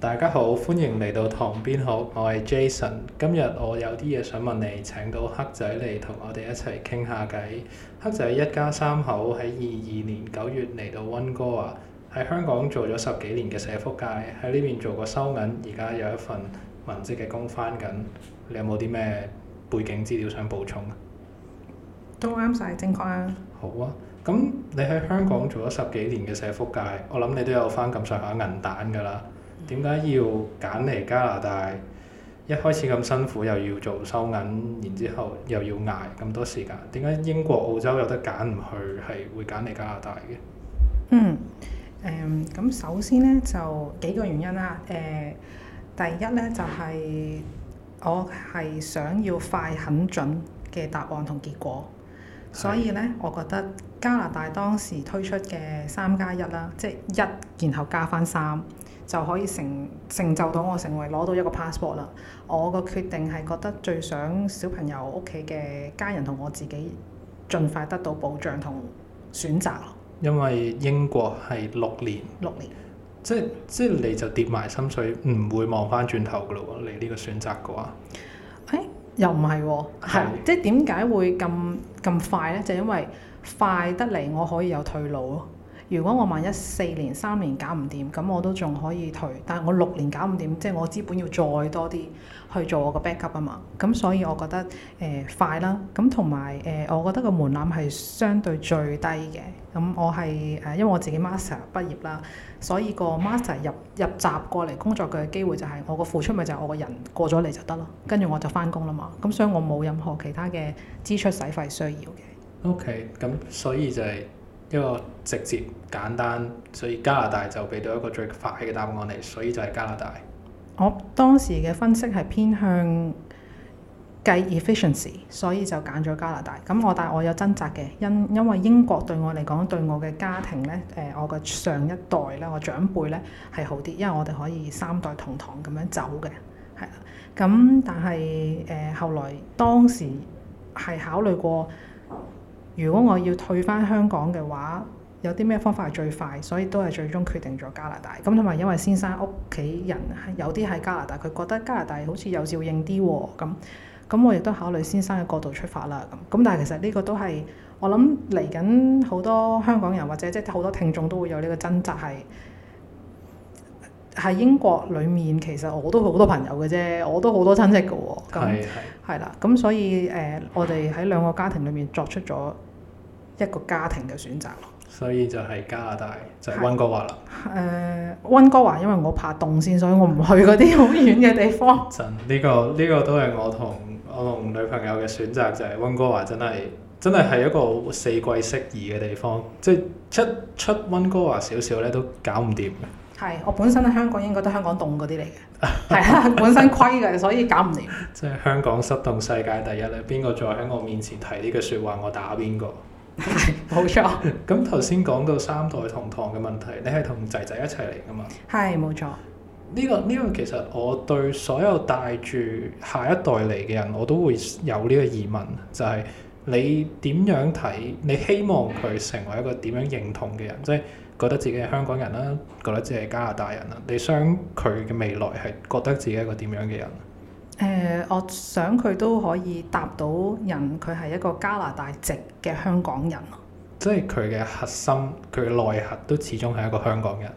大家好，歡迎嚟到塘邊好，我係 Jason。今日我有啲嘢想問你，請到黑仔嚟同我哋一齊傾下偈。黑仔一家三口喺二二年九月嚟到溫哥華，啊，喺香港做咗十幾年嘅社福界，喺呢邊做過收銀，而家有一份文職嘅工返緊。你有冇啲咩背景資料想補充啊？都啱晒，正確啊！好啊，咁你喺香港做咗十幾年嘅社福界，嗯、我諗你都有返咁上下銀蛋㗎啦～.點解要揀嚟加拿大？一開始咁辛苦，又要做收銀，然之後又要捱咁多時間。點解英國、澳洲有得揀唔去，係會揀嚟加拿大嘅？嗯，嗯，咁首先呢，就幾個原因啦。誒、嗯，第一呢，就係、係、我係想要快、狠準嘅答案同結果，的所以呢，我覺得加拿大當時推出嘅三加一啦，即係一，然後加翻三。就可以成成就到我成為攞到一個 passport 啦。我個決定係覺得最想小朋友、屋企嘅家人同我自己，盡快得到保障同選擇。因為英國係六年，六年，即即你就跌埋心水，唔會望翻轉頭噶咯喎。你呢個選擇嘅話，誒、欸、又唔係喎，係，係即點解會咁咁快呢？就係，因為快得嚟，我可以有退路咯。如果我萬一四年三年搞唔掂，咁我都仲可以退，但係我六年搞唔掂，即係我資本要再多啲去做我個 backup 啊嘛。咁所以我覺得誒、呃、快啦，咁同埋誒我覺得個門檻係相對最低嘅。咁我係誒、呃、因為我自己 master 畢業啦，所以個 master 入入閘過嚟工作佢嘅機會就係、是、我個付出咪就係我個人過咗嚟就得咯，跟住我就返工啦嘛。咁所以我冇任何其他嘅支出使費需要嘅。OK，咁所以就係、是。一個直接簡單，所以加拿大就俾到一個最快嘅答案嚟，所以就係加拿大。我當時嘅分析係偏向計 efficiency，所以就揀咗加拿大。咁我但係我有掙扎嘅，因因為英國對我嚟講，對我嘅家庭咧，誒、呃、我嘅上一代咧，我長輩咧係好啲，因為我哋可以三代同堂咁樣走嘅，係啦。咁但係誒、呃、後來當時係考慮過。如果我要退翻香港嘅話，有啲咩方法係最快，所以都係最終決定咗加拿大。咁同埋因為先生屋企人有啲係加拿大，佢覺得加拿大好似有照應啲喎。咁咁我亦都考慮先生嘅角度出發啦。咁咁但係其實呢個都係我諗嚟緊好多香港人或者即係好多聽眾都會有呢個掙扎係喺英國裡面，其實我都好多朋友嘅啫，我都好多親戚嘅喎。咁係啦，咁是是 的所以誒、呃，我哋喺兩個家庭裏面作出咗一個家庭嘅選擇，所以就係加拿大就溫哥華啦。誒，溫哥華因為我怕凍先，所以我唔去嗰啲好遠嘅地方。呢個 呢個都係我同我同女朋友嘅選擇，就係溫哥華真係真係係一個四季適宜嘅地方。即係出出溫哥華少少咧，都搞唔掂。係，我本身喺香港應該都香港凍嗰啲嚟嘅，係啦，本身虧嘅，所以搞唔掂。即係 香港濕凍世界第一咧，邊個再喺我面前提呢句說話，我打邊個？冇 沒錯。咁頭先講到三代同堂嘅問題，你係同仔仔一齊嚟㗎嘛？係， 冇沒錯、這個。呢個呢個其實我對所有帶住下一代嚟嘅人，我都會有呢個疑問，就係、是、你點樣睇？你希望佢成為一個點樣認同嘅人？即係覺得自己係香港人啦、啊，覺得自己係加拿大人啦、啊，你想佢嘅未來係覺得自己係一個點樣嘅人？誒、呃，我想佢都可以答到人，佢係一個加拿大籍嘅香港人，即係佢嘅核心，佢嘅內核都始終係一個香港人。誒、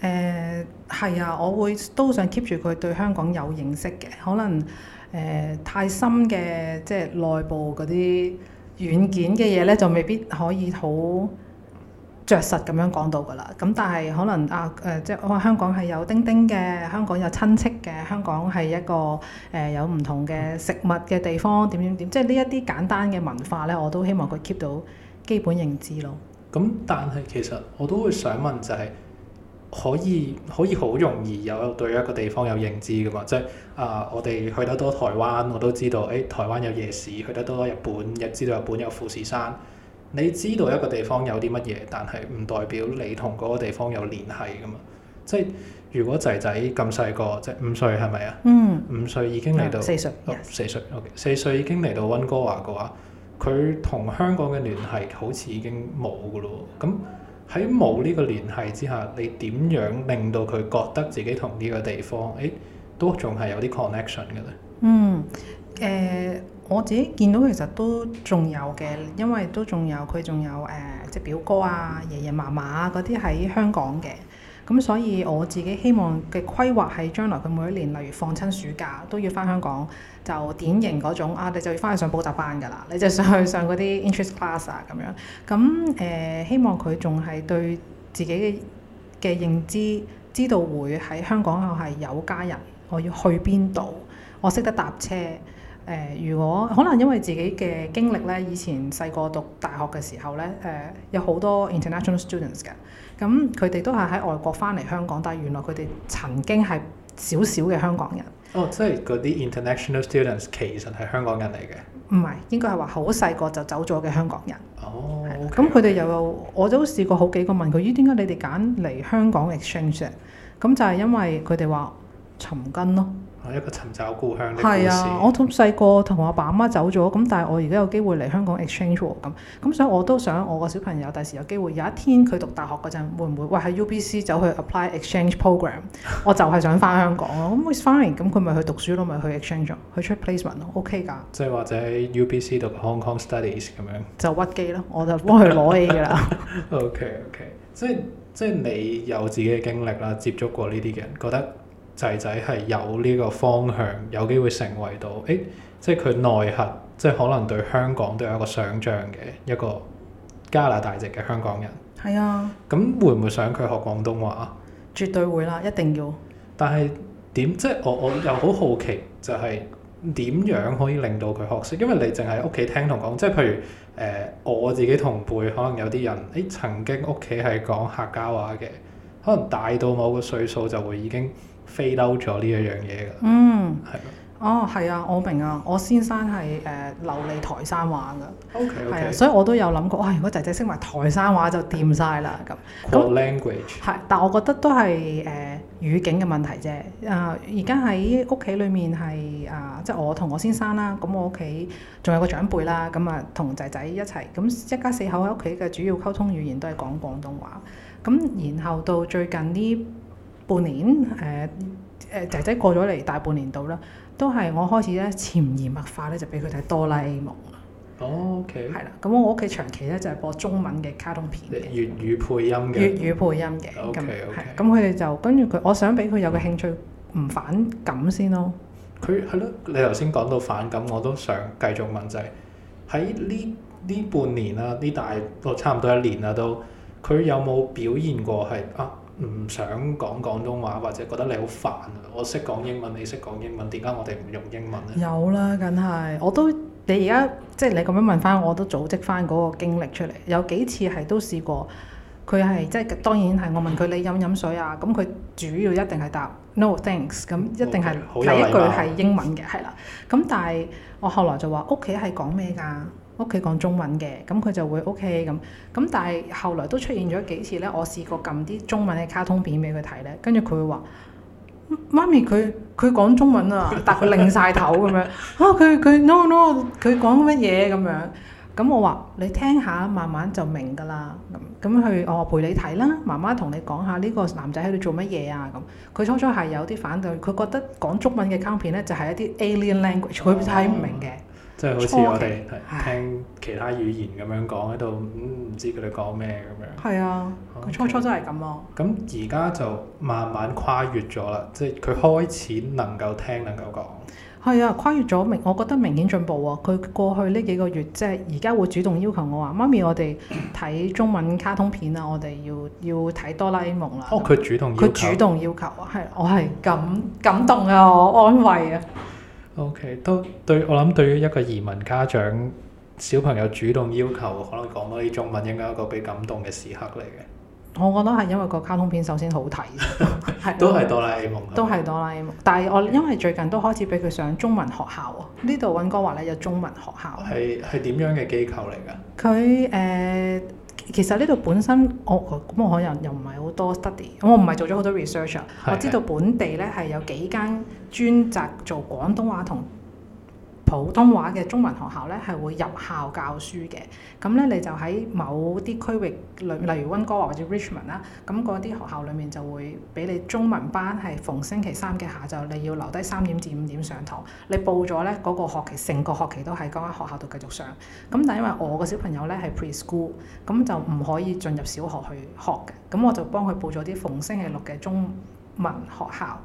呃，係啊，我會都想 keep 住佢對香港有認識嘅，可能誒、呃、太深嘅即係內部嗰啲軟件嘅嘢咧，就未必可以好着實咁樣講到噶啦，咁但係可能啊誒、呃，即係我話香港係有叮叮嘅，香港有親戚嘅，香港係一個誒、呃、有唔同嘅食物嘅地方，點點點，即係呢一啲簡單嘅文化咧，我都希望佢 keep 到基本認知咯。咁但係其實我都會想問、就係，就係可以可以好容易有對一個地方有認知噶嘛？即係啊、呃，我哋去得多台灣，我都知道誒、哎，台灣有夜市；去得多日本，又知道日本有富士山。你知道一個地方有啲乜嘢，但係唔代表你同嗰個地方有聯繫噶嘛？即係如果仔仔咁細個，即係五歲係咪啊？嗯。五歲已經嚟到。嗯、四歲。哦、四歲，OK，四歲已經嚟到溫哥華嘅話，佢同香港嘅聯繫好似已經冇噶咯。咁喺冇呢個聯繫之下，你點樣令到佢覺得自己同呢個地方，誒、哎、都仲係有啲 connection 嘅咧？嗯，誒、呃。我自己見到其實都仲有嘅，因為都仲有佢仲有誒、呃，即表哥啊、爺爺嫲嫲啊嗰啲喺香港嘅。咁所以我自己希望嘅規劃係將來佢每一年，例如放親暑假都要翻香港，就典型嗰種啊，你就要翻去上補習班㗎啦，你就上去上嗰啲 interest class 啊咁樣。咁誒、呃，希望佢仲係對自己嘅認知，知道會喺香港我係有家人，我要去邊度，我識得搭車。誒，如果可能因為自己嘅經歷咧，以前細個讀大學嘅時候咧，誒、呃、有好多 international students 嘅，咁佢哋都係喺外國翻嚟香港，但係原來佢哋曾經係少少嘅香港人。哦、oh，即係嗰啲 international students 其實係香港人嚟嘅？唔係，應該係話好細個就走咗嘅香港人。哦、oh, okay，咁佢哋又我都試過好幾個問佢，咦點解你哋揀嚟香港 exchange 嘅？」咁就係因為佢哋話尋根咯。一個尋找故鄉嘅故事。係啊，我同細個同我爸媽走咗，咁但係我而家有機會嚟香港 exchange 喎，咁咁所以我都想我個小朋友第時有機會，有一天佢讀大學嗰陣，會唔會喂，喺 UBC 走去 apply exchange program 我就係想翻香港咯，咁佢咁佢咪去讀書咯，咪去 exchange，去出 placement 咯，OK 㗎。即係或者 UBC 讀 Hong Kong Studies 咁樣。就屈機咯，我就幫佢攞 A 㗎啦。 OK OK，即係即係你有自己嘅經歷啦，接觸過呢啲嘅人，覺得。仔仔係有呢個方向，有機會成為到誒、欸，即係佢內核，即係可能對香港都有一個想像嘅一個加拿大籍嘅香港人。係啊。咁、嗯、會唔會想佢學廣東話？絕對會啦，一定要。但係點？即係我我又好好奇，就係、是、點樣可以令到佢學識？因為你淨係屋企聽同講，即係譬如誒、呃，我自己同輩可能有啲人誒、欸、曾經屋企係講客家話嘅，可能大到某個歲數就會已經。飛嬲咗呢一樣嘢㗎。嗯，係咯。哦，係啊，我明啊，我先生係誒、呃、流利台山話㗎。OK OK。係啊，所以我都有諗過，哇、哎！如果仔仔識埋台山話就掂晒啦咁。Code language。係，但我覺得都係誒、呃、語境嘅問題啫。啊、呃，而家喺屋企裡面係啊，即係我同我先生啦，咁我屋企仲有個長輩啦，咁啊同仔仔一齊，咁一,一家四口喺屋企嘅主要溝通語言都係講廣東話。咁然後到最近呢？半年誒誒仔仔過咗嚟大半年度啦，都係我開始咧潛移默化咧就俾佢睇哆啦 A 夢。Oh, OK。係啦，咁我屋企長期咧就係播中文嘅卡通片嘅。粵語配音嘅。粵語配音嘅。OK OK。咁佢哋就跟住佢，我想俾佢有個興趣，唔、mm. 反感先咯。佢係咯，你頭先講到反感，我都想繼續問，就係喺呢呢半年啦，呢大都差唔多一年啦都，佢有冇表現過係啊？唔想講廣東話，或者覺得你好煩啊！我識講英文，你識講英文，點解我哋唔用英文咧？有啦，梗係我都你而家即係你咁樣問翻，我都組織翻嗰個經歷出嚟。有幾次係都試過，佢係即係當然係我問佢你飲唔飲水啊，咁、嗯、佢主要一定係答 no thanks，咁、嗯、Okay, 一定係第一句係英文嘅，係啦。咁、嗯嗯、但係我後來就話屋企係講咩㗎？屋企講中文嘅，咁佢就會 OK 咁。咁但係後來都出現咗幾次咧，我試過撳啲中文嘅卡通片俾佢睇咧，跟住佢會話：媽咪，佢佢講中文一一啊！但佢擰晒頭咁樣啊！佢佢 no no，佢講乜嘢咁樣？咁我話你聽下，慢慢就明㗎啦。咁咁佢話我陪你睇啦，媽媽同你講下呢個男仔喺度做乜嘢啊？咁佢初初係有啲反對，佢覺得講中文嘅卡通片咧就係一啲 alien language，佢睇唔明嘅。Oh yeah. 即係好似我哋聽其他語言咁樣講喺度，唔唉、嗯、知佢哋講咩咁樣。係啊，佢初初真係咁咯。咁而家就慢慢跨越咗啦，即係佢開始能夠聽、能夠講。係啊，跨越咗明，我覺得明顯進步喎、哦。佢過去呢幾個月，即係而家會主動要求我話：媽咪，我哋睇中文卡通片啊，我哋要要睇哆啦 A 夢啦。哦，佢主動，佢主動要求，動要求啊，係，我係感感動啊，我安慰啊。O.K. 都對，我諗對於一個移民家長，小朋友主動要求可能講多啲中文，應該係一個俾感動嘅時刻嚟嘅。我覺得係因為個卡通片首先好睇， 都係哆啦 A 夢。 對都係哆啦 A 夢，吧但係我因為最近都開始俾佢上中文學校，呢度揾哥話咧有中文學校。係係點樣嘅機構嚟㗎？佢誒。呃其實呢度本身我，咁我可能又唔係好多 study，我唔係做咗好多 research 啊，我知道本地呢係有幾間專責做廣東話同普通話嘅中文學校咧係會入校教書嘅，咁、嗯、咧你就喺某啲區域，例例如溫哥華或者 Richmond 啦、嗯，咁嗰啲學校裏面就會俾你中文班係逢星期三嘅下晝，你要留低三點至五點上堂。你報咗咧，嗰個學期成個學期都係喺嗰間學校度繼續上。咁、嗯、但係因為我個小朋友咧係 preschool，咁、嗯、就唔可以進入小學去學嘅，咁、嗯、我就幫佢報咗啲逢星期六嘅中文學校，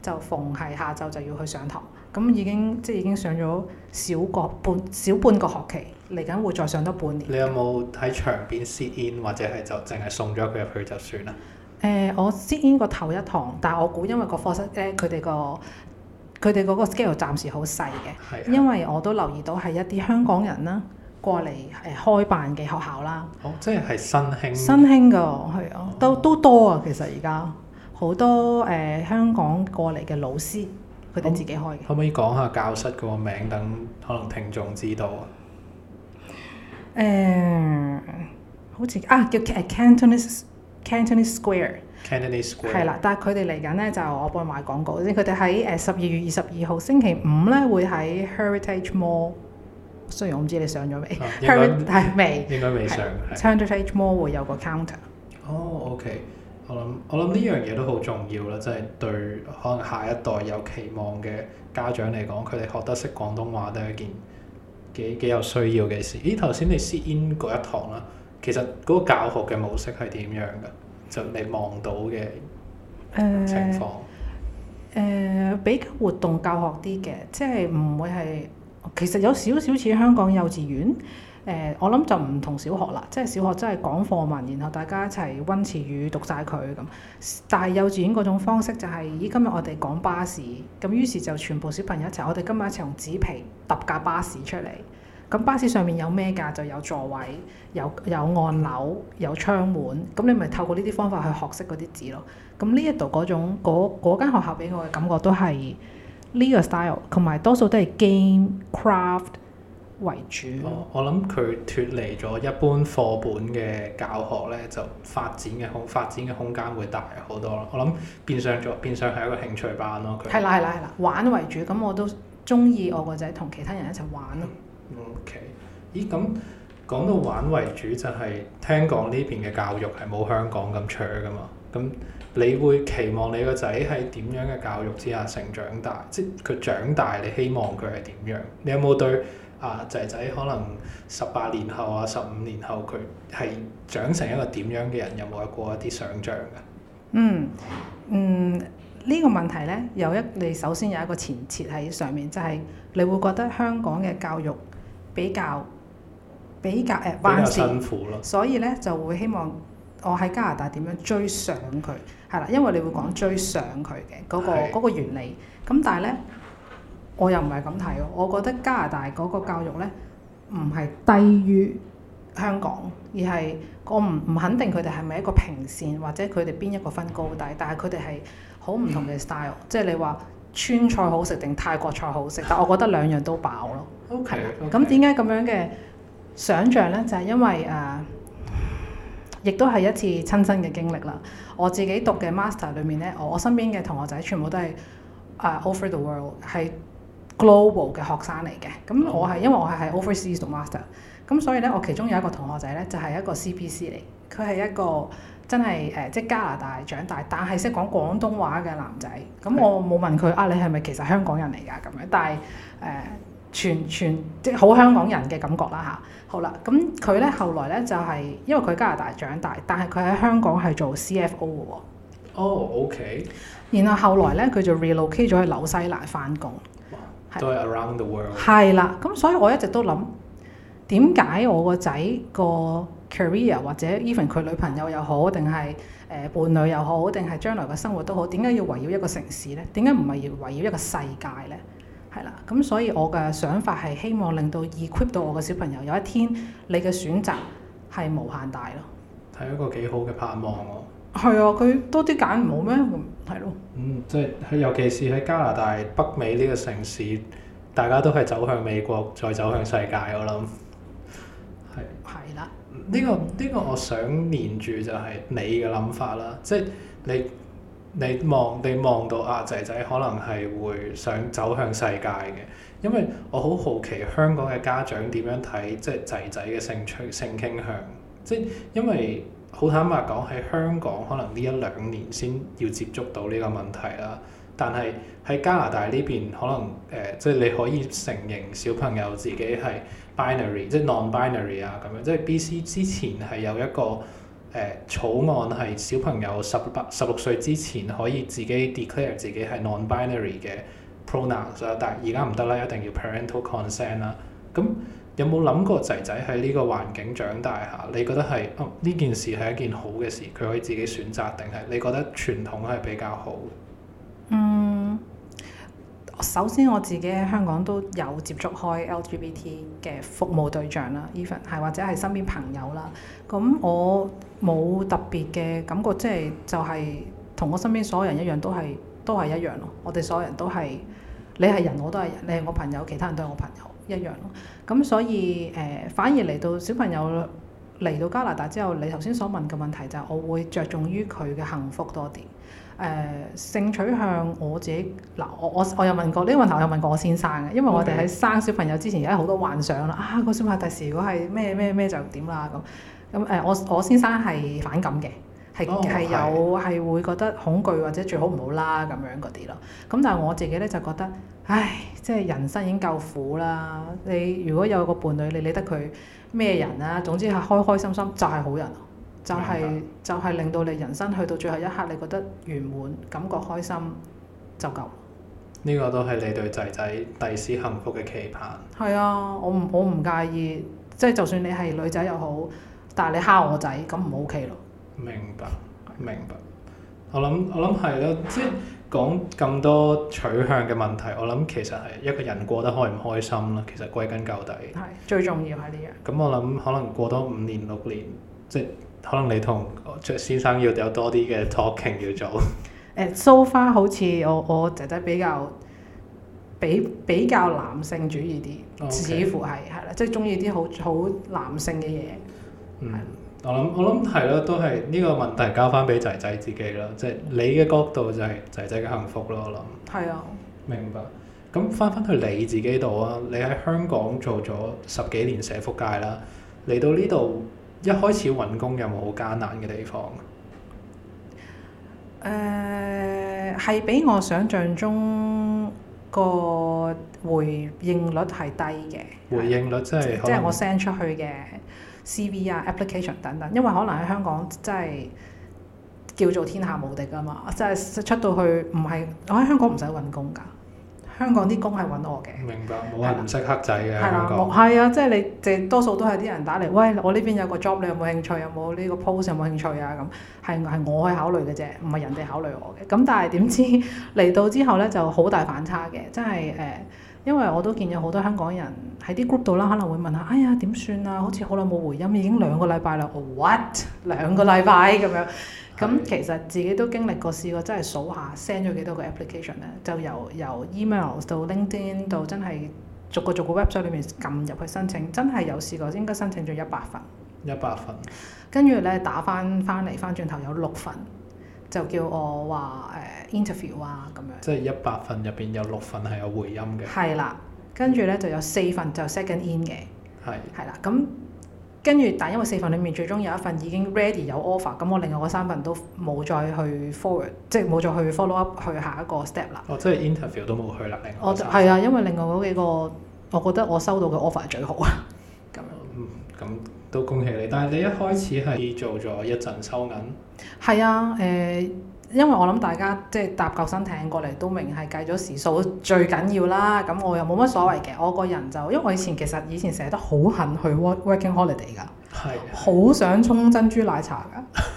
就逢係下晝就要去上堂。咁、嗯、已經即係已經上咗小個半小半個學期，嚟緊會再上多半年。你有冇喺場邊 sit in，或者係就淨係送咗佢入去就算啊？誒、呃，我 sit in 個頭一堂，但係我估因為個課室咧，佢哋、個佢哋嗰個 scale 暫時好細嘅。係、啊。因為我都留意到係一啲香港人啦過嚟誒、呃、開辦嘅學校啦。哦，即係係新興。新興噶係啊，都都多啊，其實而家好多誒、呃、香港過嚟嘅老師。佢哋自己開嘅。可唔可以講下教室嗰個名，等可能聽眾知道？誒，好似啊，叫誒 Cantonese Cantonese Square。Cantonese Square。係啦，但係佢哋嚟緊咧，就我幫你買廣告。先，佢哋喺誒十二月二十二號星期五咧，會喺 Heritage Mall。雖然我唔知你上咗未，應該係未。應該未上。Heritage Mall 會有個 counter。哦，OK。我諗我諗呢樣嘢都好重要啦，即係對可能下一代有期望嘅家長嚟講，佢哋學得識廣東話都係一件幾幾有需要嘅事。咦，頭先你試 in 嗰一堂啦，其實嗰個教學嘅模式係點樣㗎？就你望到嘅情況誒、呃呃、比較活動教學啲嘅，即係唔會係、嗯、其實有少少似香港幼稚園。誒、呃，我諗就唔同小學啦，即係小學真係講課文，然後大家一齊温詞語、讀晒佢咁。但係幼稚園嗰種方式就係、是、依今日我哋講巴士，咁於是就全部小朋友一齊，我哋今日一齊用紙皮搭架巴士出嚟。咁、嗯、巴士上面有咩㗎？就有座位，有有按鈕，有窗門。咁、嗯、你咪透過呢啲方法去學識嗰啲字咯。咁呢一度嗰種嗰間學校俾我嘅感覺都係呢個 style，同埋多數都係 game craft。為主。Oh, 我我諗佢脱離咗一般課本嘅教學咧，就發展嘅空發展嘅空間會大好多咯。我諗變相咗，變相係一個興趣班咯、啊。係啦，係啦，係啦，玩為主。咁我都中意我個仔同其他人一齊玩咯。O、okay. K，咦？咁講到玩為主，就係、係、聽講呢邊嘅教育係冇香港咁 chur 嘅嘛？咁你會期望你個仔喺點樣嘅教育之下成長大？即佢長大，你希望佢係點樣？你有冇對？啊，仔仔可能十八年後，啊，十五年後，佢係長成一個點樣嘅人，有冇有過一啲想像嘅、嗯？嗯嗯，呢、呢個問題呢，有一你首先有一個前設喺上面，就係、是、你會覺得香港嘅教育比較比較誒，呃、比較辛苦咯。所以呢，就會希望我喺加拿大點樣追上佢，係啦，因為你會講追上佢嘅嗰個原理。咁、嗯、但係呢。我又唔係咁睇喎，我覺得加拿大嗰個教育呢，唔係低於香港，而係我唔唔肯定佢哋係咪一個平線，或者佢哋邊一個分高低，但係佢哋係好唔同嘅 style。嗯、即係你話川菜好食定泰國菜好食？但我覺得兩樣都飽咯。OK 的。咁點解咁樣嘅想像呢？就係、是、因為誒，亦、uh, 都係一次親身嘅經歷啦。我自己讀嘅 master 裡面呢，我身邊嘅同學仔全部都係誒、uh, over the world 係。Global 嘅學生嚟嘅，咁我係因為我係喺 overseas 讀 master，咁所以咧我其中有一個同學仔咧就係、是、一個 CBC 嚟，佢係一個真係誒、呃、即係加拿大長大，但係識講廣東話嘅男仔。咁我冇問佢啊，你係咪其實香港人嚟㗎咁樣？但係誒、呃、全全，全即係好香港人嘅感覺啦吓、啊，好啦，咁佢咧後來咧就係、是、因為佢加拿大長大，但係佢喺香港係做 CFO 嘅喎。Oh okay 然後後來咧佢就 relocate 咗去紐西蘭翻工。都係 around the world。係啦，咁所以我一直都諗點解我個仔個 career 或者 even 佢女朋友又好，定係誒伴侶又好，定係將來嘅生活都好，點解要圍繞一個城市呢？點解唔係要圍繞一個世界呢？係啦，咁所以我嘅想法係希望令到 equip 到我嘅小朋友，有一天你嘅選擇係無限大咯。係一個幾好嘅盼望喎。係啊，佢多啲揀唔好咩？係咯。嗯，即係喺尤其是喺加拿大、北美呢個城市，大家都係走向美國，再走向世界。我諗係係啦。呢個呢個，這個、我想連住就係你嘅諗法啦。即係你你望你望到啊，仔仔可能係會想走向世界嘅。因為我好好奇香港嘅家長點樣睇，即係仔仔嘅性趣、性傾向。即係因為。好坦白講，喺香港可能呢一兩年先要接觸到呢個問題啦。但係喺加拿大呢邊可能誒，即係你可以承認小朋友自己係 binary 即係 non-binary 啊咁樣。即係 BC 之前係有一個誒草案係小朋友十不十六歲之前可以自己 declare 自己係 non-binary 嘅 pronouns 但係而家唔得啦，一定要 parental consent 啦。咁有冇諗過仔仔喺呢個環境長大下？你覺得係啊，呢件事係一件好嘅事，佢可以自己選擇，定係你覺得傳統係比較好？嗯，首先我自己喺香港都有接觸開 LGBT 嘅服務對象啦，even 係或者係身邊朋友啦。咁我冇特別嘅感覺，即係就係同我身邊所有人一樣都，都係都係一樣咯。我哋所有人都係，你係人，我都係人，你係我朋友，其他人都係我朋友。一樣咯，咁所以誒、呃，反而嚟到小朋友嚟到加拿大之後，你頭先所問嘅問題就係，我會着重於佢嘅幸福多啲。誒、呃，性取向我自己嗱、呃，我我我有問過呢個問題，因為我有問過我先生嘅，因為我哋喺生小朋友之前有好多幻想啦，啊，那個小朋友第時如果係咩咩咩就點啦咁，咁誒、呃，我我先生係反感嘅。係係有係會覺得恐懼或者最好唔好啦咁樣嗰啲咯。咁但係我自己咧就覺得，唉，即係人生已經夠苦啦。你如果有一個伴侶，你理得佢咩人啊？嗯、總之係開開心心就係好人，就係、就係、明白就係令到你人生去到最後一刻，你覺得圓滿，感覺開心就夠。呢個都係你對仔仔第時幸福嘅期盼。係啊，我唔我唔介意，即、就、係、是、就算你係女仔又好，但係你蝦我仔咁唔 OK 咯。明白，明白。我諗我諗係咯，即係 講咁多取向嘅問題，我諗其實係一個人過得開唔開心啦。其實歸根究底，係最重要係呢樣。咁我諗可能過多五年六年，即係可能你同卓先生要有多啲嘅 talking 要做。誒、uh, so，so far 好似我我仔仔比較比比較男性主義啲，Okay. 似乎係係啦，即係中意啲好好男性嘅嘢，係、嗯。我諗我諗係咯，都係呢個問題交翻俾仔仔自己咯，即係你嘅角度就係仔仔嘅幸福咯。我諗係啊，明白。咁翻翻去你自己度啊，你喺香港做咗十幾年社福界啦，嚟到呢度一開始揾工有冇好艱難嘅地方？誒、呃，係比我想象中個回應率係低嘅。回應率即係即係我 send 出去嘅。CV 啊，application 等等，因為可能喺香港真係叫做天下無敵噶嘛，即係出到去唔係我喺香港唔使揾工噶，香港啲工係揾我嘅。明白，冇人唔識黑仔嘅。係啦的，係啊港，即係你，多數都係啲人打嚟，喂，我呢邊有個 job，你有冇興趣？有冇呢個 post 有冇興趣啊？咁係係我去考慮嘅啫，唔係人哋考慮我嘅。咁但係點知嚟到之後咧，就好大反差嘅，真係誒。呃因為我都見有好多香港人喺啲 group 度啦，可能會問下，哎呀點算啊？好似好耐冇回音，已經兩個禮拜啦，What 兩個禮拜咁樣？咁其實自己都經歷過，試過真係數下 send 咗幾多個 application 咧，就由由 email 到 LinkedIn 到真係逐個逐個 website 裏面撳入去申請，真係有試過，應該申請咗一百份。一百份。跟住咧打翻翻嚟翻轉頭有六份。就叫我話誒、uh, interview 啊咁樣，即係一百份入邊有六份係有回音嘅。係啦，跟住咧就有四份就 set 緊 in 嘅。係的。係啦，咁跟住，但因為四份裡面最終有一份已經 ready 有 offer，咁我另外嗰三份都冇再去 forward，即係冇再去 follow up 去下一個 step 啦。哦，即係 interview 都冇去啦，另外。我就係啊，因為另外嗰幾個，我覺得我收到嘅 offer 係最好啊。咁、嗯，嗯，咁、嗯、都恭喜你。但係你一開始係做咗一陣收銀。係啊，誒、呃，因為我諗大家即係搭救生艇過嚟都明係計咗時數最緊要啦。咁我又冇乜所謂嘅，我個人就因為我以前其實以前成日都好恨去 working holiday 㗎，係，好想沖珍珠奶茶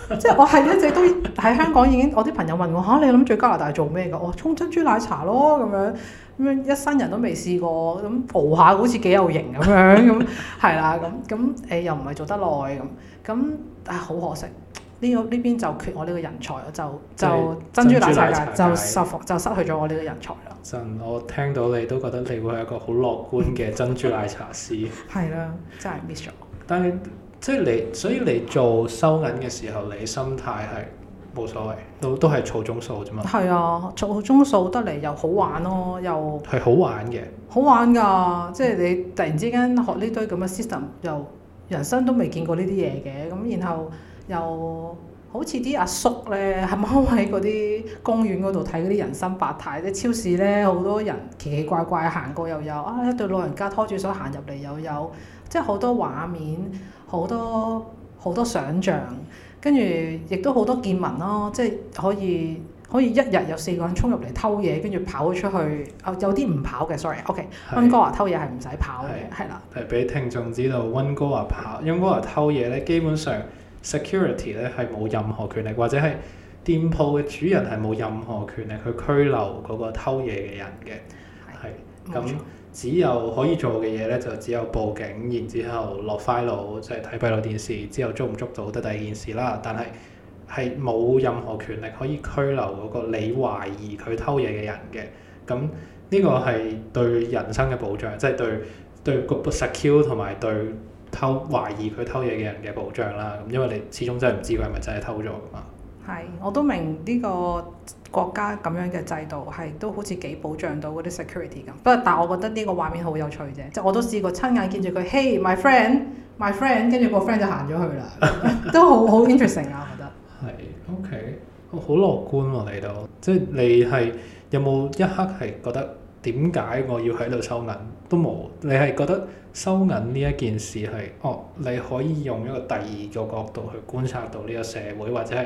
㗎， 即係我係一直都喺香港已經，我啲朋友問我嚇、啊、你諗住加拿大做咩㗎？我、啊、沖珍珠奶茶咯咁樣，咁樣一生人都未試過，咁蒲下好似幾有型咁樣咁，係啦，咁咁誒又唔係做得耐咁，但啊好可惜。呢個呢邊就缺我呢個人才，就就珍珠奶茶就受服就失去咗我呢個人才啦。真，我聽到你都覺得你會係一個好樂觀嘅珍珠奶茶師。係啦， 真係 miss 咗。但係即係你，所以你做收銀嘅時候，你心態係冇所謂，都都係儲中數啫嘛。係啊，做中數得嚟又好玩咯，又係好玩嘅，好玩㗎。即係你突然之間學呢堆咁嘅 system，又人生都未見過呢啲嘢嘅，咁然後。又好似啲阿叔咧，係咪喺嗰啲公園嗰度睇嗰啲人生百態。啲超市咧，好多人奇奇怪怪行過又有啊，一對老人家拖住手行入嚟又有，即係好多畫面，好多好多想像。跟住亦都好多見聞咯，即係可以可以一日有四個人衝入嚟偷嘢，跟住跑出去啊，有啲唔跑嘅。Sorry，OK，溫哥華偷嘢係唔使跑嘅，係啦。係俾聽眾知道溫哥華跑，溫哥華偷嘢咧，基本上。security 咧，係冇任何權力，或者係店鋪嘅主人係冇任何權力去拘留嗰個偷嘢嘅人嘅，係。咁只有可以做嘅嘢咧，就只有報警，然之後落 file，即係睇閉路電視，之後捉唔捉到都第二件事啦。但係係冇任何權力可以拘留嗰個你懷疑佢偷嘢嘅人嘅。咁、嗯、呢、這個係對人生嘅保障，即係對對個 secure 同埋對。對對偷懷疑佢偷嘢嘅人嘅保障啦，咁因為你始終真係唔知佢係咪真係偷咗噶嘛。係，我都明呢個國家咁樣嘅制度係都好似幾保障到嗰啲 security 咁。不過，但係我覺得呢個畫面好有趣啫，即係我都試過親眼見住佢 ，Hey my friend，my friend，跟住個 friend 就行咗去啦， 都好好 interesting 啊，我覺得。係 ，OK，好樂觀喎、啊、你都，即係你係有冇一刻係覺得點解我要喺度收銀都冇？你係覺得？收銀呢一件事係，哦，你可以用一個第二個角度去觀察到呢個社會或者係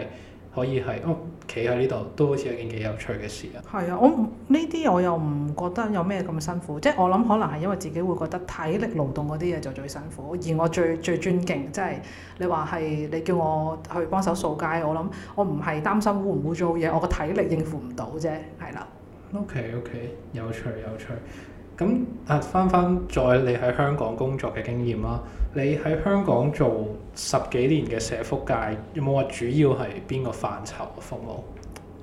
可以係，屋企喺呢度都好似一件幾有趣嘅事啊！係啊，我呢啲我又唔覺得有咩咁辛苦，即係我諗可能係因為自己會覺得體力勞動嗰啲嘢就最辛苦，而我最最尊敬，即係你話係你叫我去幫手掃街，我諗我唔係擔心污唔污糟嘢，我個體力應付唔到啫，係啦。O K O K，有趣有趣。有趣咁誒翻翻再你喺香港工作嘅經驗啦，你喺香港做十幾年嘅社福界，有冇話主要係邊個範疇服務？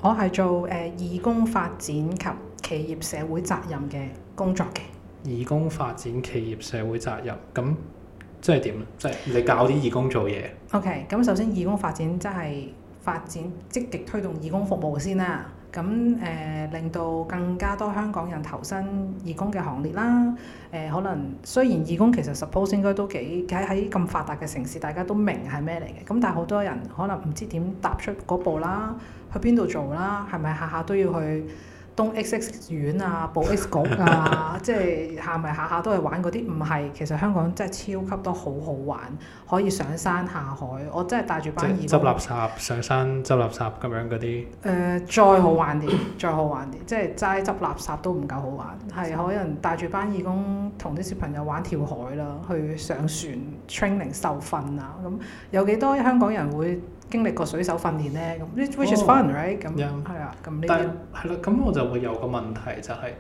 我係做誒、呃、義工發展及企業社會責任嘅工作嘅。義工發展、企業社會責任，咁即係點？即係你教啲義工做嘢？OK，咁首先義工發展即係發展積極推動義工服務先啦。咁誒、呃、令到更加多香港人投身義工嘅行列啦。誒、呃、可能雖然義工其實 suppose 應該都幾喺喺咁發達嘅城市，大家都明係咩嚟嘅。咁但係好多人可能唔知點踏出嗰步啦，去邊度做啦？係咪下下都要去？東 X X 院啊，保 X 局啊， 即係係咪下下都係玩嗰啲？唔係，其實香港真係超級多好好玩，可以上山下海。我真係帶住班義工，執垃圾上山執垃圾咁樣嗰啲。誒、呃，再好玩啲，再好玩啲， 即係齋執垃圾都唔夠好玩。係 可能帶住班義工同啲小朋友玩跳海啦，去上船 training 受訓啊。咁、嗯嗯、有幾多香港人會？經歷過水手訓練咧，咁 which is fun, right？咁樣係啊，咁呢啲。但係係咯，咁我就會有個問題就係、是，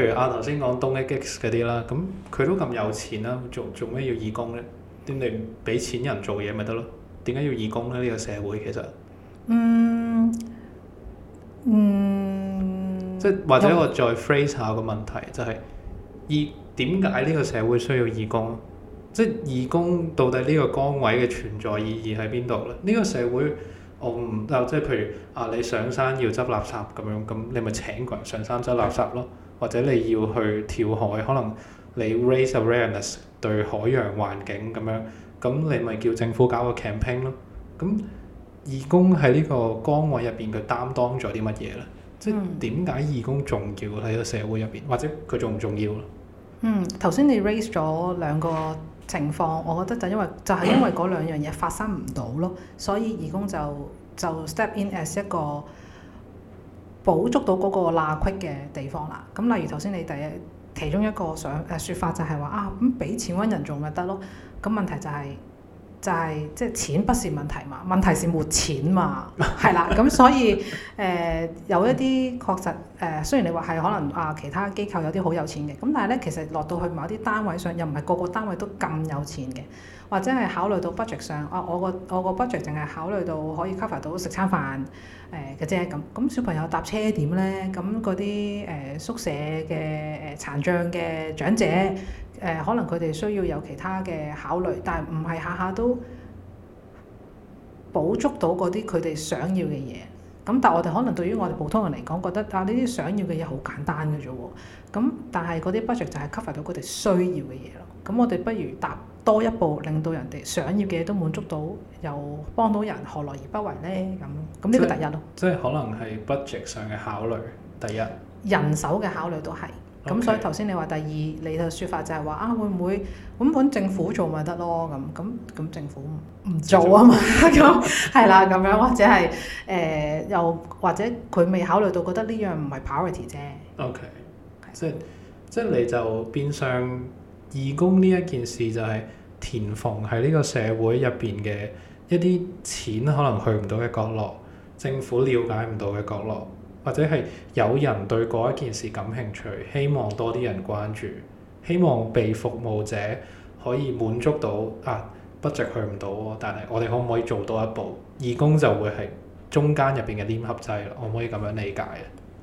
譬如阿頭先講東尼基斯嗰啲啦，咁佢都咁有錢啦，做做咩要義工咧？點你俾錢人做嘢咪得咯？點解要義工咧？呢、這個社會其實，嗯嗯。即、嗯、係、就是、或者我再 phrase 下個問題，就係義，點解呢個社會需要義工？即係義工到底呢個崗位嘅存在意義喺邊度咧？呢個社會我唔就即係譬如啊，你上山要執垃圾咁樣，咁你咪請個人上山執垃圾咯。或者你要去跳海，可能你 raise awareness 對海洋環境咁樣，咁你咪叫政府搞個 campaign 咯。咁義工喺呢個崗位入邊佢擔當咗啲乜嘢咧？嗯、即係點解義工重要喺個社會入邊，或者佢重唔重要咧？嗯，頭先你 raise 咗兩個。情況，我覺得就因為就係、是、因為嗰兩樣嘢發生唔到咯，所以義工就就 step in as 一個補足到嗰個罅隙嘅地方啦。咁、嗯、例如頭先你第一其中一個想誒説、呃、法就係話啊，咁俾錢揾人做咪得咯？咁問題就係、是。就係即係錢不是問題嘛，問題是沒錢嘛，係啦， 咁所以誒、呃、有一啲確實誒、呃、雖然你話係可能啊、呃、其他機構有啲好有錢嘅，咁但係咧其實落到去某啲單位上，又唔係個個單位都咁有錢嘅。或者係考慮到 budget 上，啊我個我個 budget 淨係考慮到可以 cover 到食餐飯誒嘅啫，咁、呃、咁小朋友搭車點咧？咁嗰啲誒宿舍嘅誒殘障嘅長者誒、呃，可能佢哋需要有其他嘅考慮，但係唔係下下都補足到嗰啲佢哋想要嘅嘢。咁但係我哋可能對於我哋普通人嚟講，覺得啊呢啲想要嘅嘢好簡單嘅啫喎。咁但係嗰啲 budget 就係 cover 到佢哋需要嘅嘢咯。咁我哋不如搭多一步，令到人哋想要嘅嘢都滿足到，又幫到人，何樂而不為呢？咁咁呢個第一咯。即係可能係 budget 上嘅考慮，第一。人手嘅考慮都係，咁 Okay. 所以頭先你話第二，你嘅説法就係話啊，會唔會揾本，本政府做咪得咯？咁咁咁政府唔做啊嘛，咁係啦，咁樣或者係誒、呃、又或者佢未考慮到，覺得呢樣唔係 priority 啫。O K，即係即係你就變相。 義工呢一件事就係填縫喺呢個社會入邊嘅一啲錢可能去唔到嘅角落，政府了解唔到嘅角落，或者係有人對嗰一件事感興趣，希望多啲人關注，希望被服務者可以滿足到。啊，不值去唔到喎，但係我哋可唔可以做多一步？義工就會係中間入邊嘅黏合劑，可唔可以咁樣理解啊？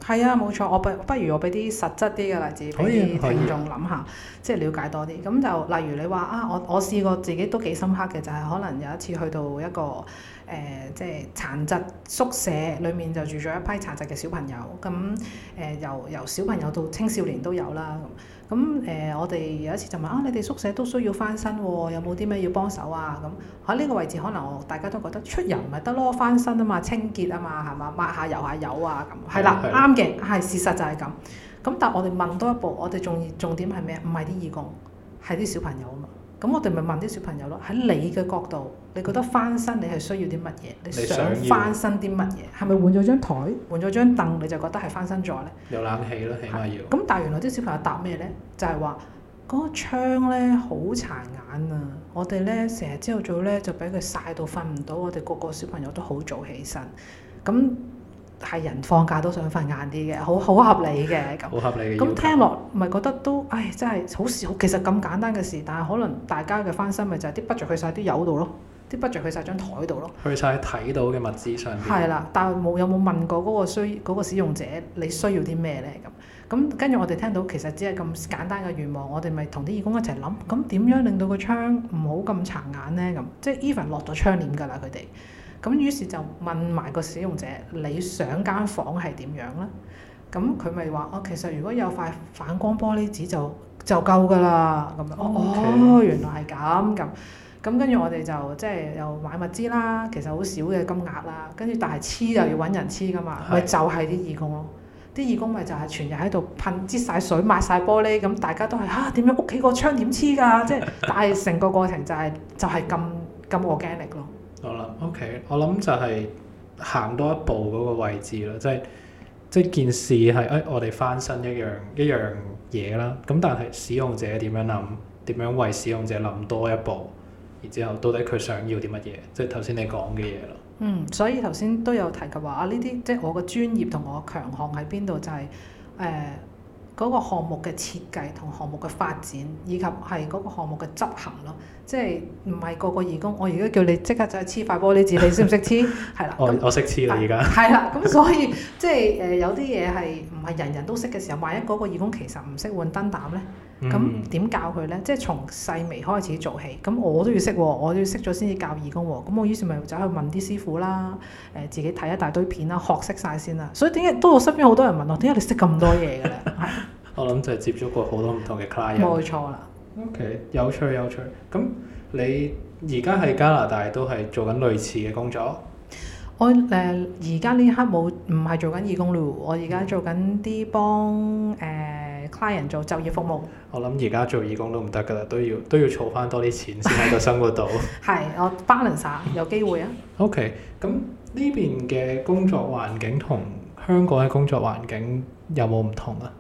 係啊，冇錯，我不不如我俾啲實質啲嘅例子俾啲聽眾諗下，的即係了解多啲。咁就例如你話啊，我我試過自己都幾深刻嘅，就係可能有一次去到一個誒，即係殘疾宿舍裡面就住咗一批殘疾嘅小朋友，咁誒由由小朋友到青少年都有啦。咁誒、呃，我哋有一次就問啊，你哋宿舍都需要翻新喎、啊，有冇啲咩要幫手啊？咁喺呢個位置，可能我大家都覺得出人咪得咯，翻新啊嘛，清潔啊嘛，係嘛，抹下油下油啊咁。係啦，啱嘅，係的事實就係咁。咁但係我哋問多一步，我哋仲重點係咩？唔係啲義工，係啲小朋友啊嘛。咁我哋咪問啲小朋友咯，喺你嘅角度。你覺得翻新你係需要啲乜嘢？你想翻新啲乜嘢？係咪換咗張台、換咗張凳你就覺得係翻新咗咧？有冷氣咯，起碼要。係。咁但係原來啲小朋友答咩呢？就係話嗰個窗咧好殘眼啊！我哋咧成日朝頭早咧就俾佢曬到瞓唔到，我哋個個小朋友都好早起身。咁係人放假都想瞓晏啲嘅，好好合理嘅咁。好合理嘅 咁聽落咪覺得都唉，真係好少。其實咁簡單嘅事，但係可能大家嘅翻新咪就係啲筆著去晒啲油度咯。啲筆著去晒張台度咯，去晒睇到嘅物資上面。係啦，但係冇有冇問過嗰個需嗰個使用者你需要啲咩咧？咁咁跟住我哋聽到其實只係咁簡單嘅願望，我哋咪同啲義工一齊諗，咁點樣令到個窗唔好咁殘眼咧？咁即係 even 落咗窗簾㗎啦，佢哋咁於是就問埋個使用者你想間房係點樣咧？咁佢咪話哦，其實如果有塊反光玻璃紙就就夠㗎啦。咁哦，Okay。哦，原來係咁咁。咁跟住我哋就即係又買物資啦，其實好少嘅金額啦。跟住但係黐又要揾人黐㗎嘛，咪、嗯、就係、是、啲義工咯。啲的義工咪就係全日喺度噴擠晒水、抹晒玻璃，咁、嗯、大家都係啊，點樣屋企個窗點黐㗎？即係 但係成個過程就係、是、就係咁咁我精力咯。好啦 OK，我諗就係行多一步嗰個位置咯，即係即件事係誒、哎、我哋翻身一樣一樣嘢啦。咁但係使用者點樣諗？點樣為使用者諗多一步？然之後，到底佢想要啲乜嘢？即係頭先你講嘅嘢咯。嗯，所以頭先都有提及話啊，呢啲即係我個專業同我強項喺邊度，就係誒嗰個項目嘅設計同項目嘅發展，以及係嗰個項目嘅執行咯。即係唔係個個義工？我而家叫你即刻就去黐塊玻璃紙，你識唔識黐？係啦 的。我、嗯、我識黐啦，而家。係啦，咁、嗯、 所以即係誒、呃、有啲嘢係唔係人人都識嘅時候，萬一嗰個義工其實唔識換燈膽咧？ 咁點、嗯、教佢咧？即係從細微開始做起。咁我都要識喎，我都要識咗先至教義工喎。咁我於是咪走去問啲師傅啦，誒、呃、自己睇一大堆片啦，學識晒先啦。所以點解都我身邊好多人問我，點解你識咁多嘢嘅咧？ 我諗就係接觸過好多唔同嘅 client。冇錯啦。OK，有趣有趣。咁你而家喺加拿大都係做緊類似嘅工作？我誒而家呢刻冇唔係做緊義工咯，我而家做緊啲幫誒。呃 client 做就業服務，我諗而家做義工都唔得噶啦，都要都要儲翻多啲錢先喺度生活度。係，我 balance 下有機會啊。OK，咁呢邊嘅工作環境同香港嘅工作環境有冇唔同啊？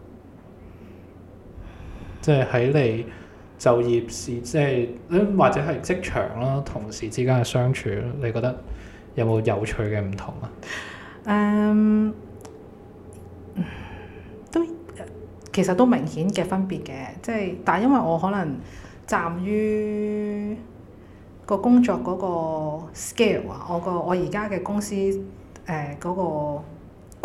即係喺你就業時即係、就是、或者係職場啦、啊，同事之間嘅相處你覺得有冇有，有趣嘅唔同啊？Um, 其實都明顯嘅分別嘅，即係但係因為我可能站於個工作嗰個 scale 啊，我個我而家嘅公司誒嗰、呃那個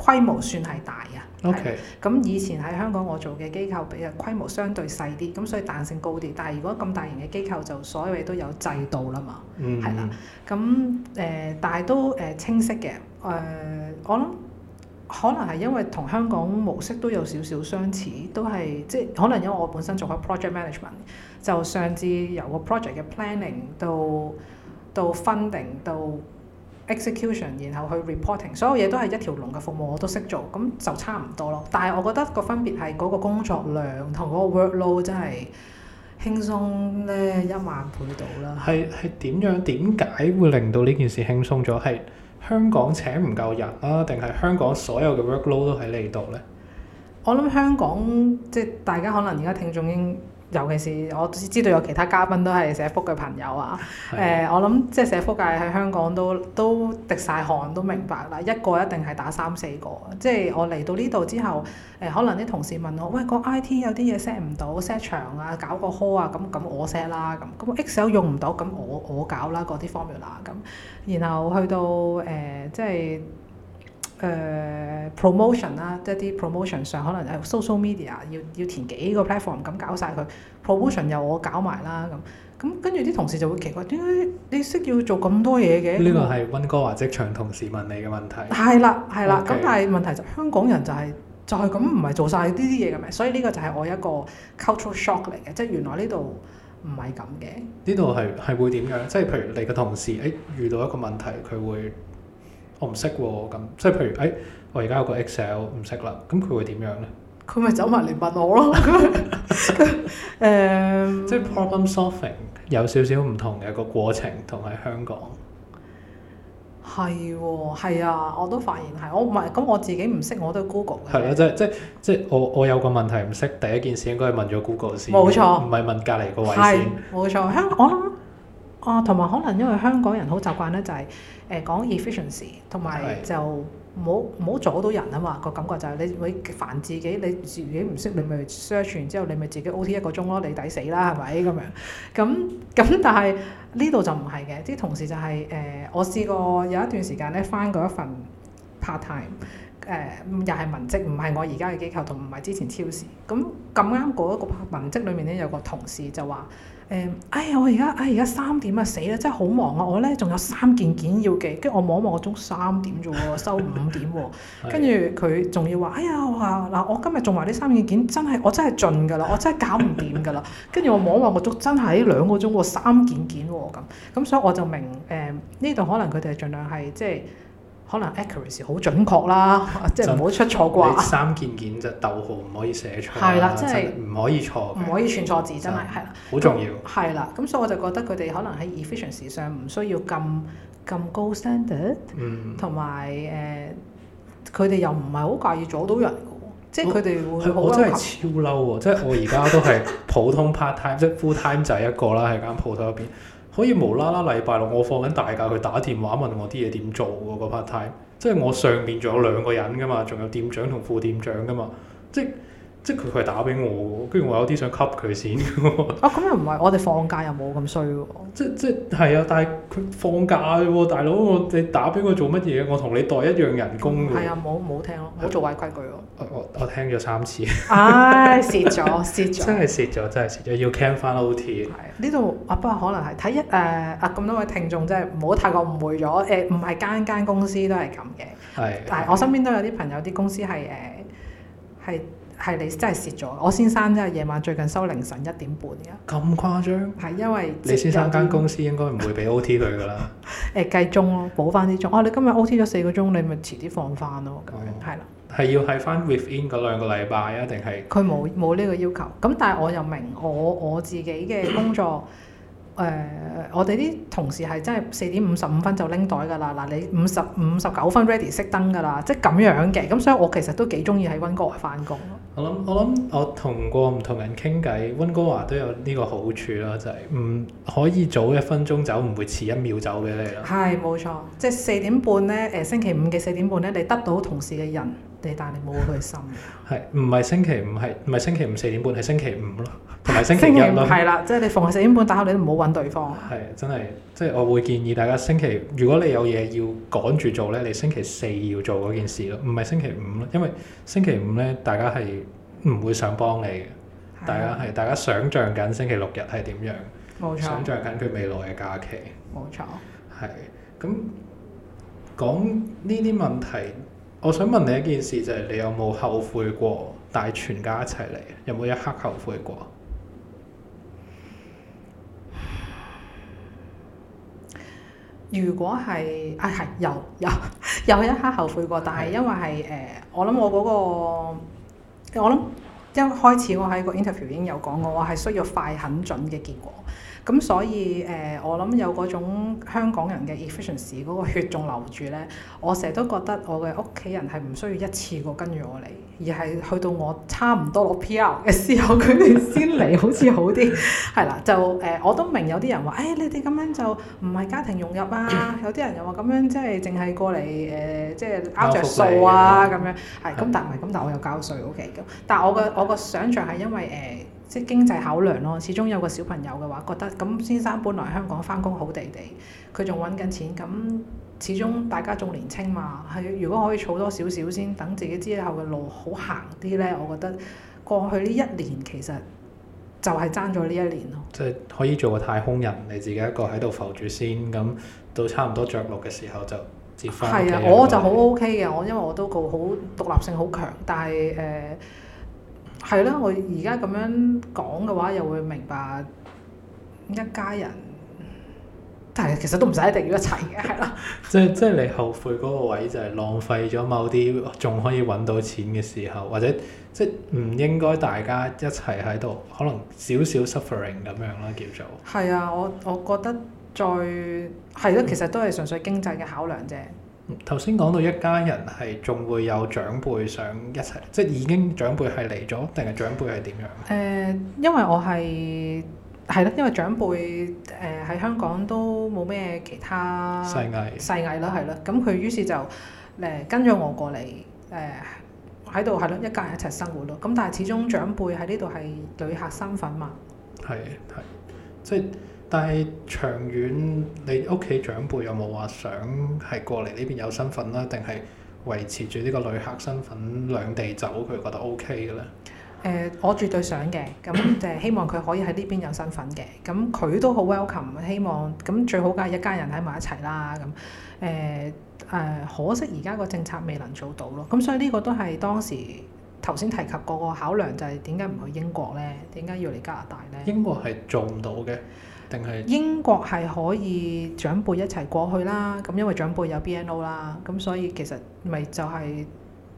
規模算係大啊。OK，咁以前喺香港我做嘅機構比較規模相對細啲，咁所以彈性高啲。但係如果咁大型嘅機構就所有嘢都有制度啦嘛，係啦、mm.。咁誒、呃，但係都誒、呃、清晰嘅。誒、呃，我諗。可能係因為同香港模式都有少少相似，都係即係可能因為我本身做開 project management，就上至由個 project 嘅 planning 到到 funding 到 execution，然後去 reporting，所有嘢都係一條龍嘅服務，我都識做，咁就差唔多咯。但係我覺得個分別係嗰個工作量同嗰個 workload 真係輕鬆咧一萬倍度啦。係係點樣？點解會令到呢件事輕鬆咗？係。香港請唔夠人啊，定係香港所有嘅 workload 都喺你度咧？我諗香港即係大家可能而家聽眾已經。尤其是我知知道有其他嘉賓都係社福嘅朋友啊，誒的、呃，我諗即係社福界喺香港都都滴晒汗，都明白啦。一個一定係打三四個，即係我嚟到呢度之後，誒、呃，可能啲同事問我，喂，個 I T 有啲嘢 set 唔到，set 場啊，搞個 call 啊，咁咁我 set 啦，咁咁 Excel 又用唔到，咁我我搞啦，嗰啲 formula 咁，然後去到誒、呃，即係。誒、uh, promotion 啦，即係啲 promotion 上可能有 social media 要要填幾個 platform，咁搞晒佢 promotion 又我搞埋啦咁，咁跟住啲同事就會奇怪，點解你識要做咁多嘢嘅？呢個係溫哥華職場同事問你嘅問題。係啦，係啦，咁但係問題就香港人就係、是、就係咁，唔係做晒呢啲嘢嘅咩？所以呢個就係我一個 cultural shock 嚟嘅，即係原來呢度唔係咁嘅。呢度係係會點樣？即係譬如你嘅同事誒、哎、遇到一個問題，佢會。我唔識喎，咁即係譬如，誒、哎、我而家有個 Excel 唔識啦，咁佢會點樣咧？佢咪走埋嚟問我咯、 嗯。誒，即係 problem solving 有少少唔同嘅個過程，同喺香港係喎，係、哦、啊，我都發現係，我唔係咁我自己唔識我都 Google 係啦、啊，即係即係即係我我有個問題唔識，第一件事應該係問咗 Google 先，冇錯錯，唔係問隔離個位先，冇錯，香我諗。 哦，同埋、啊、可能因為香港人好習慣咧，就係誒講 efficiency，同埋就唔好阻到人啊嘛，個感覺就係你會煩自己，你自己唔識你咪 search 完之後你咪自己 OT 一個鐘咯，你抵死啦，係咪咁樣？咁咁但係呢度就唔係嘅，啲同事就係、是、誒、呃、我試過有一段時間咧返過一份 part time 誒、呃，又係文職，唔係我而家嘅機構，同唔係之前超市。咁咁啱嗰一個文職裡面咧有個同事就話。誒，哎呀，我而家，哎，而家三點啊，死啦！真係好忙啊，我咧仲有三件件要寄，跟住我望望個鐘，三 點啫、哦、喎，收五點喎，跟住佢仲要話，哎呀，我話嗱，我今日仲埋呢三件件，真係我真係盡㗎啦，我真係搞唔掂㗎啦，跟住 我望望個鐘真係兩個鐘喎，三件件喎、啊、咁，咁所以我就明，誒呢度可能佢哋係儘量係即係。可能 accuracy 好準確啦，即係唔好出錯啩。你三件件啫，逗號唔可以寫錯。係啦，即係唔可以錯。唔可以串錯字真係係啦。好重要。係啦，咁所以我就覺得佢哋可能喺 efficiency 上唔需要咁咁高 standard，同埋誒，佢哋又唔係好介意阻到人喎，即係佢哋會。係我真係超嬲喎！即係我而家都係普通 part time，即係 full time 仔一個啦，喺間鋪頭入邊。可以無啦啦禮拜六我放緊大假，佢打電話問我啲嘢點做喎？嗰 part time，即係我上面仲有兩個人噶嘛，仲有店長同副店長噶嘛，即係。即係佢佢係打俾我，跟住我有啲想吸佢先、哦。哦，咁又唔係，我哋放假又冇咁衰喎。即即係啊，但係佢放假大佬，你打俾佢做乜嘢？我同、嗯、你代一樣人工㗎。係、嗯、啊，唔好唔聽咯，唔好做壞規矩咯。我我我，我聽咗三次。唉、哎，蝕咗蝕咗。真係蝕咗，真係蝕咗，要 can 翻 OT。係呢度啊，不過可能係睇一誒啊咁多位聽眾真係唔好太過誤會咗誒，唔係間間公司都係咁嘅。係、uh, 啊。但係我身邊都有啲朋友啲公司係誒係。係你真係蝕咗！我先生真係夜晚最近收凌晨一點半啊！咁誇張？係因為你先生間公司應該唔會俾 OT 佢㗎啦。誒計鐘咯，補翻啲鐘。哦，你今日 OT 咗四個鐘，你咪遲啲放翻咯，咁樣係啦。係要喺翻 within 嗰兩個禮拜啊？定係佢冇冇呢個要求。咁但係我又明我我自己嘅工作，誒我哋啲同事係真係四點五十五分就拎袋㗎啦。嗱，你五十五十九分 ready 熄燈㗎啦，即係咁樣嘅。咁所以我其實都幾中意喺温哥華翻工。我諗我諗我同個唔同人傾偈，温哥華都有呢個好處啦。就係、是、唔可以早一分鐘走，唔會遲一秒走畀你。係冇錯，即係四點半咧，誒、呃、星期五嘅四點半咧，你得到同事嘅人。但係你冇去心。係唔係星期五，係唔係星期五四點半，係星期五咯，同埋星期日咯。係啦 即係你逢四點半打開，你都唔好揾對方。係真係，即係我會建議大家星期，如果你有嘢要趕住做咧，你星期四要做嗰件事咯，唔係星期五咯，因為星期五咧，大家係唔會想幫你嘅的。大家係大家想像緊星期六日係點樣？冇錯。想像緊佢未來嘅假期。冇錯。係咁講呢啲問題。嗯我想問你一件事，就係、是、你有冇後悔過帶全家一齊嚟？有冇一刻後悔過？如果係啊，係、哎、有有 有一刻後悔過，但係因為係誒的、呃，我諗我嗰、那個，我諗一開始我喺個 interview 已經有講過，我係需要快狠準嘅結果。咁所以誒、呃，我諗有嗰種香港人嘅 efficiency，嗰個血仲流住咧。我成日都覺得我嘅屋企人係唔需要一次過跟住我嚟，而係去到我差唔多落 PR 嘅時候，佢哋先嚟，好似好啲。係啦，就誒、呃，我都明有啲人話，誒、哎、你哋咁樣就唔係家庭融入啊。 有啲人又話咁樣即係淨係過嚟誒，即係拗着數啊咁樣。係咁樣、嗯，但唔係咁，但係我有交稅 OK。咁，但我嘅我個想像係因為誒。呃即經濟考量咯，始終有個小朋友嘅話，覺得咁先生本來香港返工好地地，佢仲揾緊錢，咁始終大家仲年青嘛，係如果可以儲多少少先，等自己之後嘅路好行啲呢。我覺得過去呢一年其實就係爭咗呢一年咯。即係可以做個太空人，你自己一個喺度浮住先，咁到差唔多着陸嘅時候就接翻的。係啊，我就好 OK 嘅，我因為我都個好獨立性好強，但係誒。呃係咯，我而家咁樣講嘅話，又會明白一家人，但係其實都唔使一定要一齊嘅，係咯。 即係即係你後悔嗰個位就係浪費咗某啲仲可以揾到錢嘅時候，或者即係唔應該大家一齊喺度，可能少少 suffering 咁樣啦叫做。係啊，我我覺得最係咯，其實都係純粹經濟嘅考量啫。頭先講到一家人係仲會有長輩想一齊，即係已經長輩係嚟咗，定係長輩係點樣？誒、呃，因為我係係啦，因為長輩誒喺香港都冇咩其他世藝世藝啦，係啦，咁佢於是就誒、呃、跟咗我過嚟，誒喺度係咯，一家人一齊生活咯。咁但係始終長輩喺呢度係旅客身份嘛。係係，即係。但係長遠，你屋企長輩有冇話想係過嚟呢邊有身份啦？定係維持住呢個旅客身份兩地走，佢覺得 OK 嘅咧？誒、呃，我絕對想嘅，咁就誒希望佢可以喺呢邊有身份嘅，咁、嗯、佢都好 welcome，希望咁、嗯、最好梗係一家人喺埋一齊啦，咁誒誒，可惜而家個政策未能做到咯，咁、嗯、所以呢個都係當時頭先提及過個考量，就係點解唔去英國咧？點解要嚟加拿大咧？英國係做唔到嘅。定係英國係可以長輩一齊過去啦，咁因為長輩有 BNO 啦，咁所以其實咪就係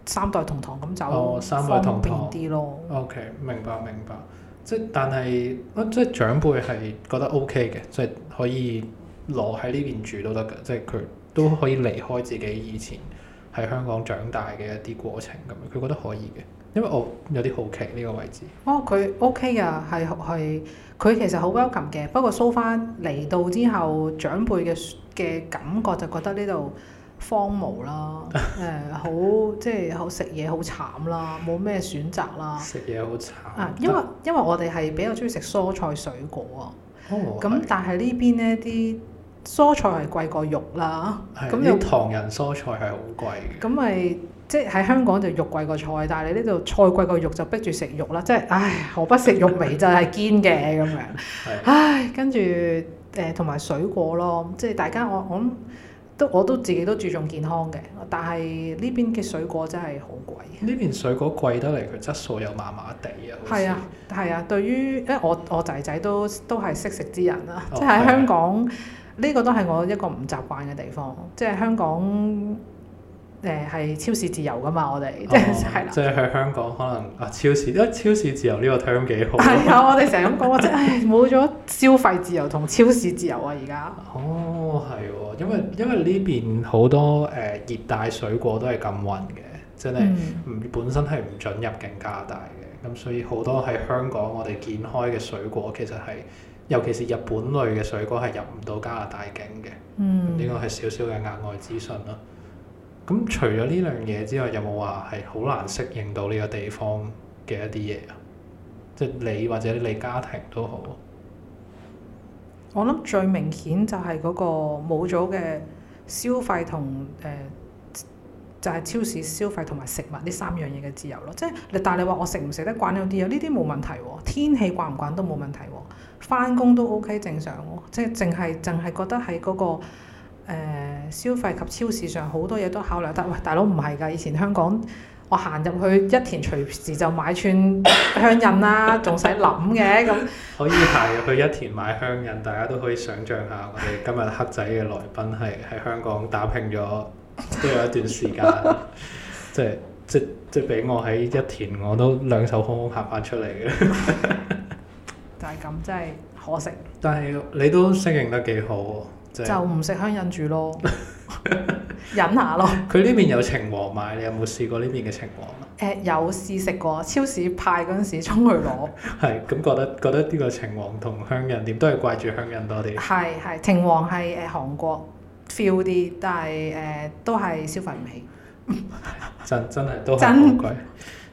三代同堂咁走方便啲咯。哦，三代同堂。OK，明白明白，即係但係，即係長輩係覺得 OK 嘅，即係可以攞喺呢邊住都得㗎，即係佢都可以離開自己以前喺香港長大嘅一啲過程咁樣，佢覺得可以嘅。因為我有啲好奇呢，這個位置。哦，佢 OK 嘅，係，係佢其實好 welcome 嘅。不過蘇返嚟到之後，長輩嘅嘅感覺就覺得呢度荒蕪啦，誒、 嗯、好即係好食嘢好慘啦，冇咩選擇啦。食嘢好慘。啊，因為因為我哋係比較中意食蔬菜水果啊。咁、哦、但係呢邊呢啲蔬菜係貴過肉啦。咁有是又唐人蔬菜係好貴。咁咪、嗯？即係喺香港就肉貴過菜，但係你呢度菜貴過肉，肉，就逼住食肉啦。即係，唉，何不食肉糜，就係堅嘅咁樣。唉，跟住誒同埋水果咯，即係大家我我諗都我都自己都注重健康嘅，但係呢邊嘅水果真係好貴。呢邊水果貴得嚟，佢質素又麻麻地啊。係啊，係啊，對於，因為我我仔仔都都係識食之人啦。哦、即係喺香港，呢、啊、個都係我一個唔習慣嘅地方。即係香港。誒係、呃、超市自由噶嘛？我哋即係係啦。即係喺香港可能啊，超市因為超市自由呢個 term 幾好。係啊、哎！我哋成日咁講，即係冇咗消費自由同超市自由啊！而家。哦，係喎、哦，因為因為呢邊好多誒、呃、熱帶水果都係禁運嘅，真係唔本身係唔准入境加拿大嘅。咁所以好多喺香港我哋見開嘅水果，其實係尤其是日本類嘅水果係入唔到加拿大境嘅。嗯。呢個係少少嘅額外資訊咯。咁除咗呢樣嘢之外，有冇話係好難適應到呢個地方嘅一啲嘢啊？即係你或者你家庭都好。我諗最明顯就係嗰個冇咗嘅消費同誒、呃，就係、係、超市消費同埋食物呢三樣嘢嘅自由咯。即係你，但係你話我食唔食得慣呢啲啊？呢啲冇問題喎，天氣慣唔慣都冇問題喎，翻工都 OK 正常喎。即係淨係淨係覺得喺嗰、嗰個、呃消費及超市上好多嘢都考慮得，喂，大佬唔係㗎，以前香港我行入去一田隨時就買串香印啦，仲使諗嘅咁。 可以行入去一田買香印，大家都可以想象下，我哋今日黑仔嘅來賓係喺香港打拼咗都有一段時間，即係即即俾我喺一田我都兩手空空行返出嚟嘅， 就係咁，真係可惜。 但係你都適應得幾好喎？就唔、是、食香印住咯， 忍下咯。佢呢邊有情王賣，你有冇試過呢邊嘅情王啊？誒、呃，有試食過，超市派嗰陣時衝去攞。係， 咁、嗯、覺得覺得呢個情王同香印點都係掛住香印多啲。係係，情王係誒韓國 feel 啲，但係誒、呃、都係消費唔起。 真真係都係好貴。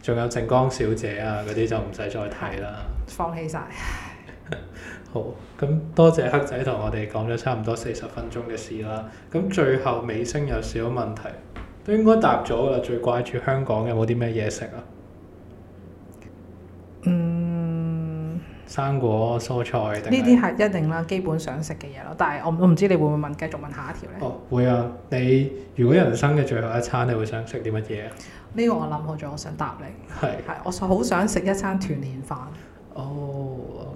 仲 真有靖江小姐啊嗰啲就唔使再睇啦，放棄晒。.好，咁多謝黑仔同我哋講咗差唔多四十分鐘嘅事啦。咁最後尾聲有少問題，都應該答咗噶啦。最掛住香港有冇啲咩嘢食啊？嗯。生果、蔬菜。呢啲係一定啦，基本想食嘅嘢咯。但係我我唔知你會唔會問，繼續問下一條咧。哦，會啊！你如果人生嘅最後一餐，你會想食啲乜嘢？呢個我諗好咗，我想答你。係是。係，我好想食一餐團年飯。哦。Oh,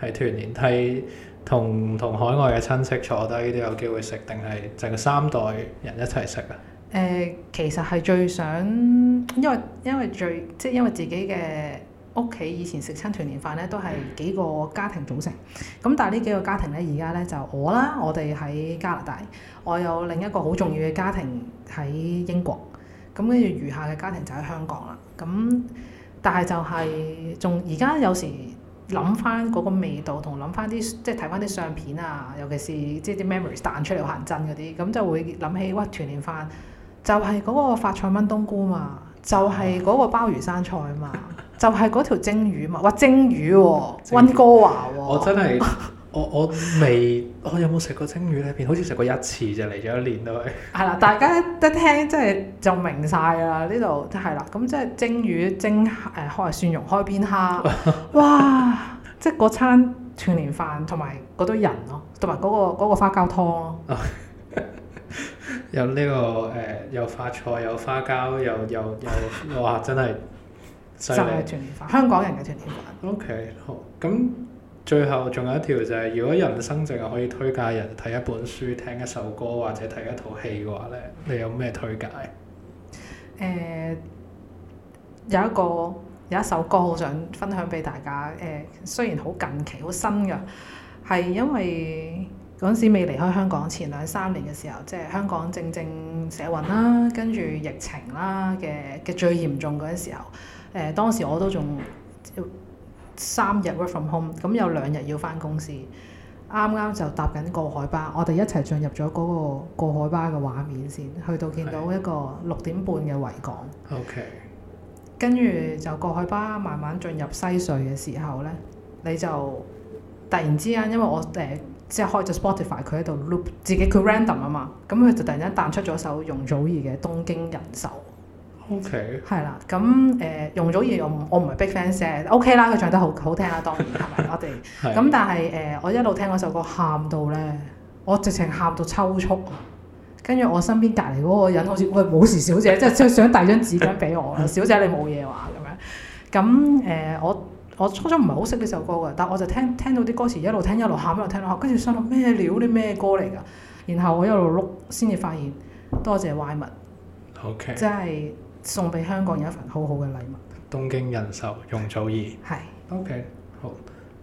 係團年梯同同海外嘅親戚坐低都有機會食，定係淨係三代人一齊食啊？誒、呃，其實係最想，因為因為最即係因為自己嘅屋企以前食餐團年飯咧，都係幾個家庭組成。咁但係呢幾個家庭咧，而家咧就我啦，我哋喺加拿大，我有另一個好重要嘅家庭喺英國。咁跟住餘下嘅家庭就喺香港啦。咁但係就係仲而家有時。諗翻嗰個味道同諗翻啲即係睇翻啲相片啊，尤其是即係啲 memories 彈出嚟行真嗰啲，咁就會諗起哇！團年飯就係、是、嗰個發菜炆冬菇嘛，就係、是、嗰個鮑魚生菜嘛，就係、是、嗰條蒸魚嘛。哇！蒸魚喎、啊，溫、嗯、哥華喎、啊。我真係～ 我我未，我有冇食過蒸魚呢邊？好似食過一次就嚟咗一年都係。係啦，大家一聽即係就明曬啦，呢度即係啦，咁即係蒸魚蒸誒開蒜蓉開邊蝦， 哇！即係嗰餐團年飯同埋嗰堆人咯，同埋嗰個花膠湯咯 這個呃。有呢個誒，有發菜，有花膠，又又又哇！ 真係犀利！就係團年飯，香港人嘅團年飯。 OK，好咁。最後仲有一條就係、是，如果人生淨係可以推介人睇一本書、聽一首歌或者睇一套戲嘅話咧，你有咩推介？誒、呃、有一個有一首歌，好想分享俾大家。誒、呃、雖然好近期、好新嘅，係因為嗰陣時未離開香港，前兩三年嘅時候，即、就、係、是、香港正正社運啦，跟住疫情啦嘅嘅最嚴重嗰陣時候，誒、呃、當時我都仲，三日 work from home，咁有兩日要翻公司，啱啱就搭緊過海巴，我哋一齊進入咗嗰、那個過海巴嘅畫面先，去到見到一個六點半嘅維港。OK，跟住就過海巴慢慢進入西隧嘅時候咧，你就突然之間，因為我誒、呃、即係開咗 Spotify，佢喺度 loop 自己，佢 random 啊嘛，咁佢就突然間彈出咗首容祖兒嘅《東京人壽》。O K. 係啦，咁誒容祖兒我唔我唔係 big fans O K. 啦，佢、okay, 唱得好好聽啦，當然係咪我哋咁、 嗯嗯？但係誒、嗯，我一路聽嗰首歌，喊到咧，我直情喊到抽搐。跟住我身邊隔離嗰個人好似，喂，冇事，小姐，即係 想遞張紙巾俾我。 小姐你冇嘢話咁樣。咁、嗯、誒、嗯、我我初初唔係好識呢首歌㗎，但係我就聽聽到啲歌詞一路聽、一路喊、一路聽咯，跟住想話咩料啲咩歌嚟㗎？然後我一路碌先至發現，多謝壞物。O K. 即係。送俾香港有一份好好嘅禮物。東京人壽容祖兒。係是。OK，好。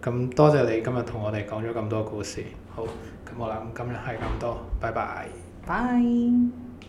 咁多謝你今日同我哋講咗咁多故事。好，咁我諗，今日係咁多，拜拜。Bye。